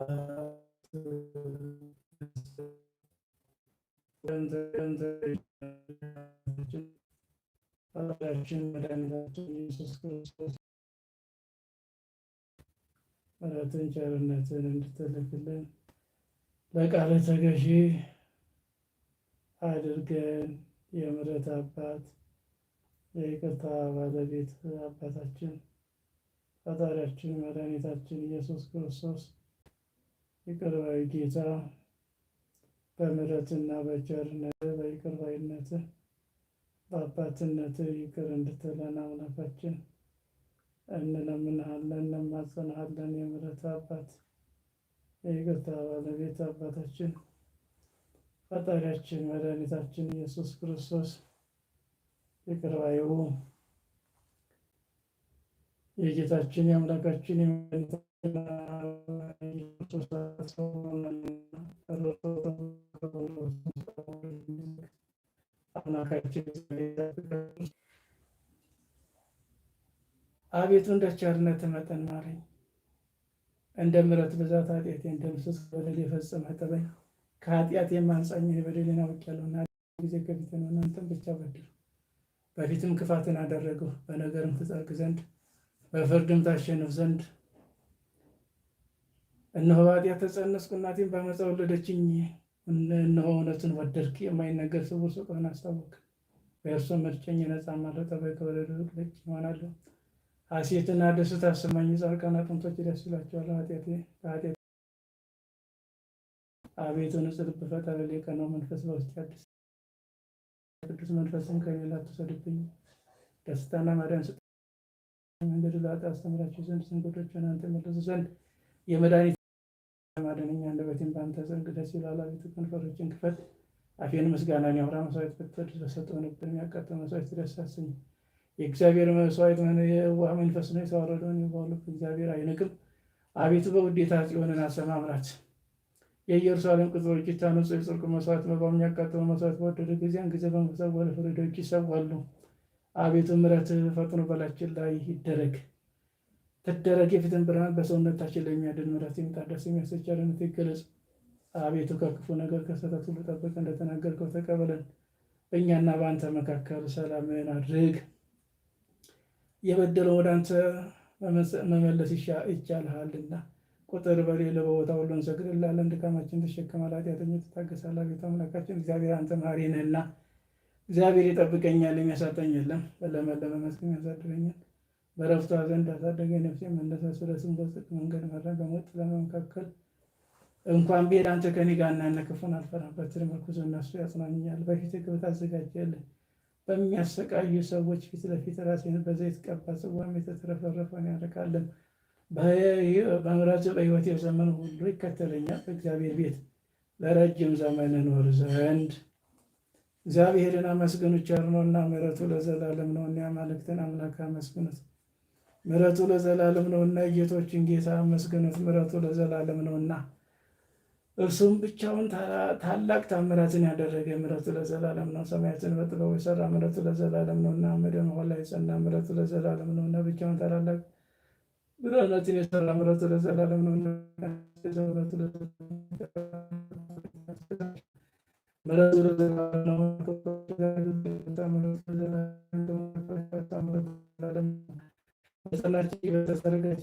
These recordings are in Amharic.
ራችን መድኃኒታችን ኢየሱስ ክርስቶስ ምሕረትን ቸርነትን እንድትልክልን ለቃለ ተገዢ አድርገን የምሕረት አባት የይቅርታ ባለቤት አባታችን ፈጣሪያችን መድኃኒታችን ኢየሱስ ክርስቶስ ይቅርባይ ጌታ በምሕረትና በቸርነት በይቅርባይነት በአባትነት ይቅር እንድትለን አምላካችን እንለምንሃለን፣ እንማጸንሃለን። የምሕረት አባት የይቅርታ ባለቤት አባታችን ፈጣሪያችን መድኃኒታችን ኢየሱስ ክርስቶስ ይቅርባዩ የጌታችን የአምላካችን አቤቱ እንደ ቸርነት መጠን ማረኝ፣ እንደ ምሕረት ብዛት ኃጢአቴን ደምስስ። በደል የፈጸመ ጥበኝ ከኃጢአት የማንጻኝን በደሌን አውቄያለሁና ጊዜ ከፊት ነው። እናንተም ብቻ በድሉ በፊትም ክፋትን አደረገው፣ በነገርም ትጸድቅ ዘንድ በፍርድም ታሸንፍ ዘንድ እነሆ ኃጢአት ተጸነስኩ እናቴም በዓመፃ ወለደችኝ። እነሆ እውነትን ወደድክ የማይነገር ስውር ስጦታን አስታወቅ። በእርሱ መርጨኝ ነፃ ማለው ጠባይ ከወለዱ ልጅ ይሆናለሁ። ሐሴትና ደስታ ስማኝ፣ ጻድቃን አጥንቶች ደስ ይላቸዋል። ኃጢአት አቤቱ ንጹሕ ልብ ፍጠርልኝ፣ የቀናው መንፈስ በውስጥ አድስ። ቅዱስ መንፈስን ከሌላ አትውሰድብኝ፣ ደስታና ማዳን ስጥ። መንገድ ላጣ አስተምራቸው ዘንድ ስንጎዶችን አንተ መለሱ ዘንድ የመድኃኒት ማደነኛ አንደበቴን በአንተ ዘንድ ደስ ይላል። አቤቱ ከንፈሮችን ክፈት፣ አፌን ምስጋና ያውራ። መስዋዕት ብትወድ በሰጠው ነበር የሚያቃጥል መስዋዕት ደስ አሰኝ። የእግዚአብሔር መስዋዕት ምን የዋህ መንፈስ ነው፣ የተዋረደውን የዋህ ልብ እግዚአብሔር አይንቅም። አቤቱ በውዴታ ጽዮንን አሰማምራት፣ የኢየሩሳሌም ቅጥሮች ይታነጹ። የጽርቁ መስዋዕት መባ የሚያቃጥል መስዋዕት በወደደ ጊዜያን ጊዜ በመሰብ ወደ ፍርዶች ይሰዋሉ። አቤቱ ምረት ፈጥኖ በላችን ላይ ይደረግ። ትደረግ የፊትን ብርሃን በሰውነታችን ለሚያድን ምሕረት የሚታደስ የሚያስችል ቸርነት ይገለጽ። አቤቱ ከክፉ ነገር ከሰረት ሁሉ ጠብቀን እንደተናገርከው ተቀበለን። በእኛና በአንተ መካከል ሰላምን አድርግ። የበደለው ወደ አንተ መመለስ ይቻልሃልና ቁጥር በሌለ በቦታ ሁሉ እንሰግድላለን። ድካማችን ተሸክመህ ኃጢአተኞች ትታገሳለህ። አቤቱ አምላካችን እግዚአብሔር አንተ መሐሪ ነህና እግዚአብሔር ይጠብቀኛል፣ የሚያሳጣኝ የለም። በለመለመ መስክ ያሳድረኛል በረፍቷ ዘንድ አሳደገ ነፍሴ መለሰ ስለ ስም በጽድቅ መንገድ መራ በሞት ለመመካከል እንኳን ብሄድ አንተ ከኔ ጋር እና እነ ክፉን አልፈራም። በትር እነሱ ያጽናኑኛል። በፊት ግብር ታዘጋጀልህ በሚያሰቃዩ ሰዎች ፊት ለፊት ራሴን በዘይት ቀባ፣ ጽዋም የተትረፈረፈን ያረካለን። በምሕረቱ በህይወት የዘመን ሁሉ ይከተለኛል። በእግዚአብሔር ቤት ለረጅም ዘመን እኖር ዘንድ እግዚአብሔርን አመስግኑ፣ ቸር እና ምሕረቱ ለዘላለም ነው። እኒያ የአማልክትን አምላክ አመስግኑት ምረቱ ለዘላለም ነውና የጌቶችን ጌታ መስገኑት፣ ምረቱ ለዘላለም ነውና እርሱም ብቻውን ታላቅ ታምራትን ያደረገ ምረቱ ለዘላለም ነው። ሰማያትን በጥበቡ የሰራ ምረቱ ለዘላለም ነውና ምድርን ላይ የጸና ምረቱ ለዘላለም ነውና ብቻውን ታላላቅ ብርሃናትን የሰራ ምረቱ ለዘላለም ነውና ምሕረቱ ለዘላለም ነው። በሰላች በተሰረቀች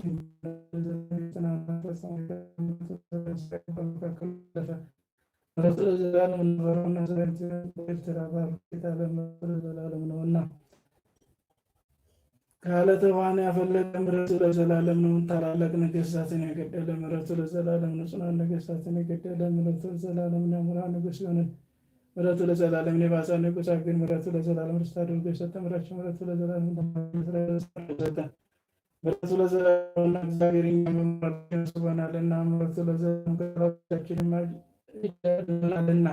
ነውና ካለ ተዋን ያፈለቀ ለዘላለም ነው። ታላላቅ ነገስታትን የገደለ ምሕረቱ ለዘላለም ነው። ጽናን ነገስታትን የገደለ ምሕረቱ ለዘላለም ነው። ሙራ ንጉስ የሆነ ምሕረቱ ለዘላለም ነው። ባሳ ንጉስ አግን ምሕረቱ ለዘላለም ርስት አድርጎ የሰጠ ምሕረቱ ለዘላለም ነው። ምሕረቱ ለዘላለሙ እግዚአብሔር እኛን መርዳት ያስበናልና ምሕረቱ ለዘላለሙ ከራሳችን ይቻልናልና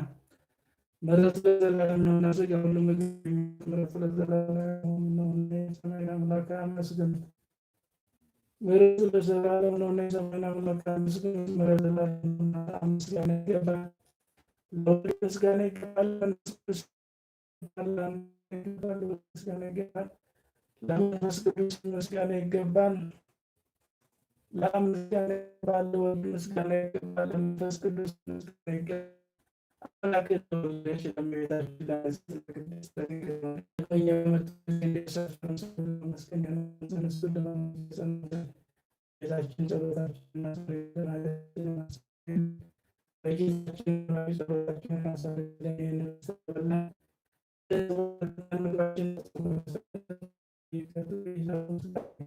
ምሕረቱ ለዘላለም ነውና ሥጋ ሁሉ ምግብ ምሕረቱ ለዘላለም ነውና የሰማይ አምላክ አመስግኑት። ምሕረቱ ለዘላለም ነውና የሰማይ አምላክ አመስግኑት። ምሕረቱ ለዘላለም ነውና ምስጋና ይገባል፣ ምስጋና ምስጋና ይገባል፣ ምስጋና ይገባል። ለመንፈስ ቅዱስ ምስጋና ይገባል። ለአብ ምስጋና ይገባል። ለወልድ ምስጋና ይገባል። ለመንፈስ ቅዱስ ምስጋና ይገባል። አምላክ በህብረተሰቡ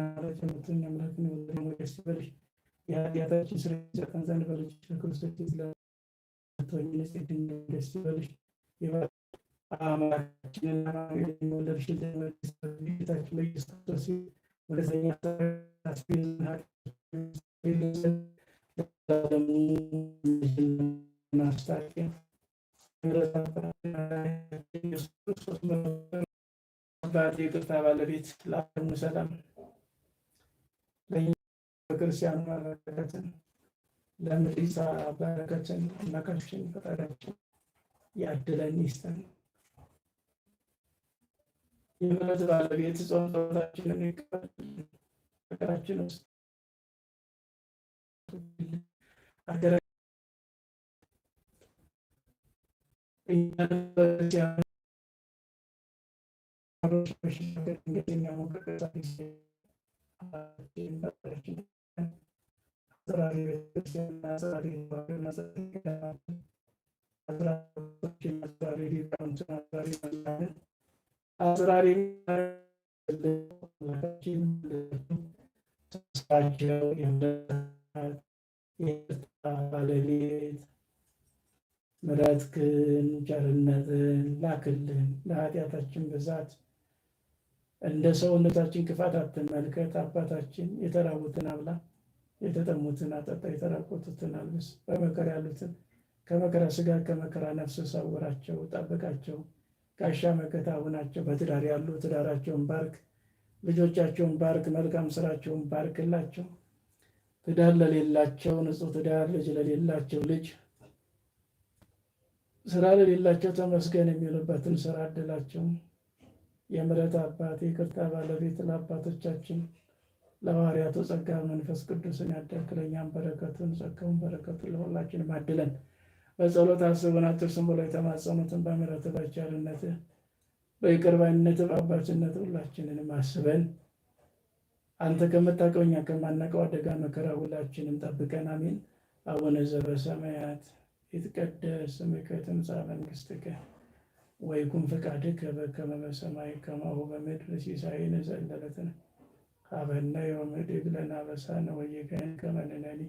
ናች የምትኝ አምላክን ወደደስ በልሽ የኃጢአታችን ስር ይሰጠን ዘንድ በልጅ ክርስቶስ ስለቶኝ ጽድኝ ደስ በልሽ አማራችንን ወለድሽን ጌታችን በኢየሱስ ክርስቶስ ወደዘኛ ይቅርታ ባለቤት ለዓለሙ ሰላም ለክርስቲያኑ በረከትን ለምድሪሳ በረከትን መከሽን ፈጠራችን ያድለን ይስጠን። የምሕረት ባለቤት ጾታችንን ይቀበል ፍቅራችን ውስጥ agar Terima kasih. ምሕረትህን ቸርነትህን ላክልን። ለኃጢአታችን ብዛት እንደ ሰውነታችን ክፋት አትመልከት። አባታችን የተራቡትን አብላ፣ የተጠሙትን አጠጣ፣ የተራቆቱትን አልብስ፣ በመከር ያሉትን ከመከራ ስጋ ከመከራ ነፍስ ሰውራቸው፣ ጠብቃቸው፣ ጋሻ መከታ ሁናቸው። በትዳር ያሉ ትዳራቸውን ባርክ፣ ልጆቻቸውን ባርክ፣ መልካም ስራቸውን ባርክላቸው። ትዳር ለሌላቸው ንጹህ ትዳር፣ ልጅ ለሌላቸው ልጅ ስራ ለሌላቸው ተመስገን የሚሉበትን ስራ እድላቸው የምረት አባት የቅርታ ባለቤት ለአባቶቻችን ለሐዋርያቱ ጸጋ መንፈስ ቅዱስን ያዳክለኛም በረከቱን ጸጋውን በረከቱን ለሁላችን አድለን። በጸሎት አስቡን አትርሱን ብሎ የተማጸኑትን በምረት ባይቻልነት በይቅር ባይነት በአባትነት ሁላችንንም አስበን አንተ ከምታውቀው እኛ ከማናውቀው አደጋ መከራ ሁላችንም ጠብቀን አሜን። አቡነ ዘበሰማያት ይትቀደስ ስምከ ትምጻእ መንግሥትከ ወይኩን ፈቃድከ በከመ በሰማይ ከማሁ በምድር ሲሳየነ ዘለለዕለትነ ሀበነ ዮም ወኅድግ ለነ አበሳነ ወጌጋየነ ከመ ንሕነኒ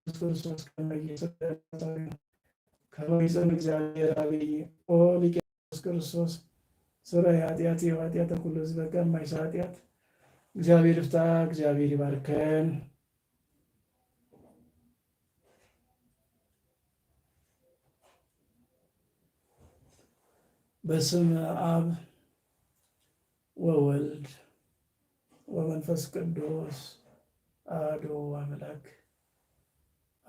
ክርስቶስ ከመ እግዚአብሔር አብይ ኦ ሊቀ ክርስቶስ ስራ የኃጢአት የኃጢአት ተኩል ህዝበ ቀማይሰ ኃጢአት እግዚአብሔር ይፍታ። እግዚአብሔር ይባርከን። በስም አብ ወወልድ ወመንፈስ ቅዱስ አሐዱ አምላክ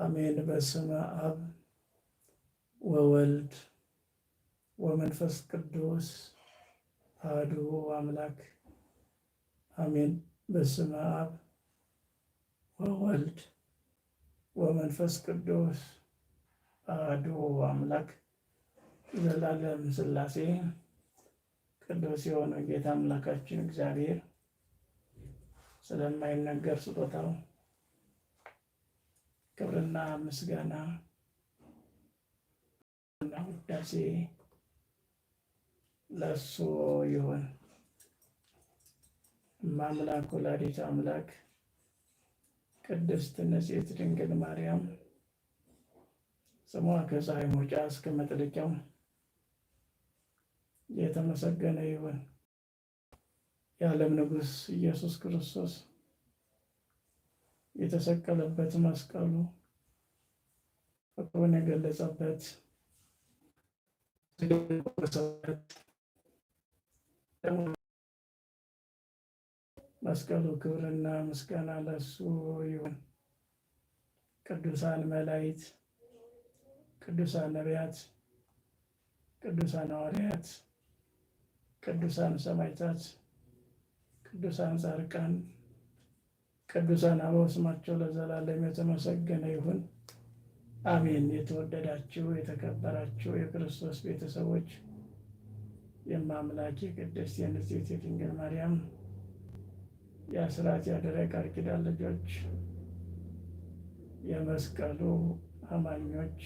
አሜን። በስም አብ ወወልድ ወመንፈስ ቅዱስ አሐዱ አምላክ አሜን። በስመ አብ ወወልድ ወመንፈስ ቅዱስ አሐዱ አምላክ ዘላለም ሥላሴ ቅዱስ የሆነው ጌታ አምላካችን እግዚአብሔር ስለማይነገር ስጦታው ክብርና ምስጋና እና ውዳሴ ለእሱ ይሁን። እማምላክ ወላዲት አምላክ ቅድስት ንጽሕት ድንግል ማርያም ስሟ ከፀሐይ መውጫ እስከ መጥለቂያው የተመሰገነ ይሁን። የዓለም ንጉሥ ኢየሱስ ክርስቶስ የተሰቀለበት መስቀሉ ፍቅሩን የገለጸበት መስቀሉ ክብርና ምስጋና ለሱ ይሁን። ቅዱሳን መላእክት፣ ቅዱሳን ነቢያት፣ ቅዱሳን ሐዋርያት፣ ቅዱሳን ሰማዕታት፣ ቅዱሳን ጻድቃን፣ ቅዱሳን አበው ስማቸው ለዘላለም የተመሰገነ ይሁን። አሜን። የተወደዳችሁ የተከበራችሁ የክርስቶስ ቤተሰቦች የማምላኬ ቅድስት የንጽሕት የድንግል ማርያም የአስራት ያደረግ ቃል ኪዳን ልጆች የመስቀሉ አማኞች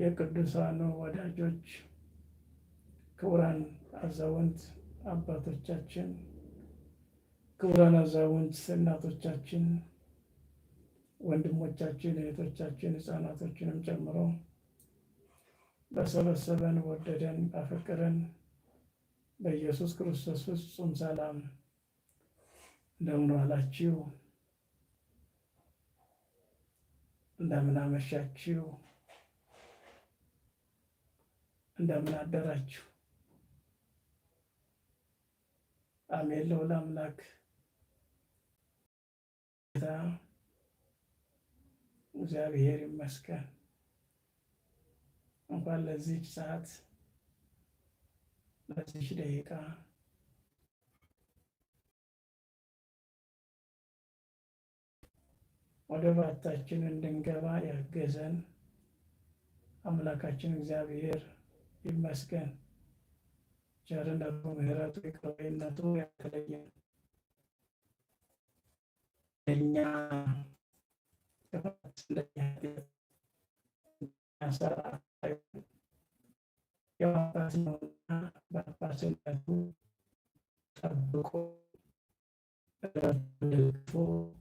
የቅዱሳኑ ወዳጆች ክቡራን አዛውንት አባቶቻችን ክቡራን አዛውንት እናቶቻችን ወንድሞቻችን እህቶቻችን ህፃናቶችንም ጨምሮ በሰበሰበን ወደደን ባፈቀረን በኢየሱስ ክርስቶስ ፍጹም ሰላም እንደምን ዋላችሁ? እንደምን አመሻችሁ? እንደምን አደራችሁ? አሜን ለሁሉ አምላክ ጌታ እግዚአብሔር ይመስገን። እንኳን ለዚህች ሰዓት ለዚህች ደቂቃ ወደ ባታችን እንድንገባ ያገዘን አምላካችን እግዚአብሔር ይመስገን። ቸርነቱ፣ ምሕረቱ፣ ይቅርባይነቱ ያተለየን እኛ ጥፋት፣ ለእኛ ሰራ Thank you.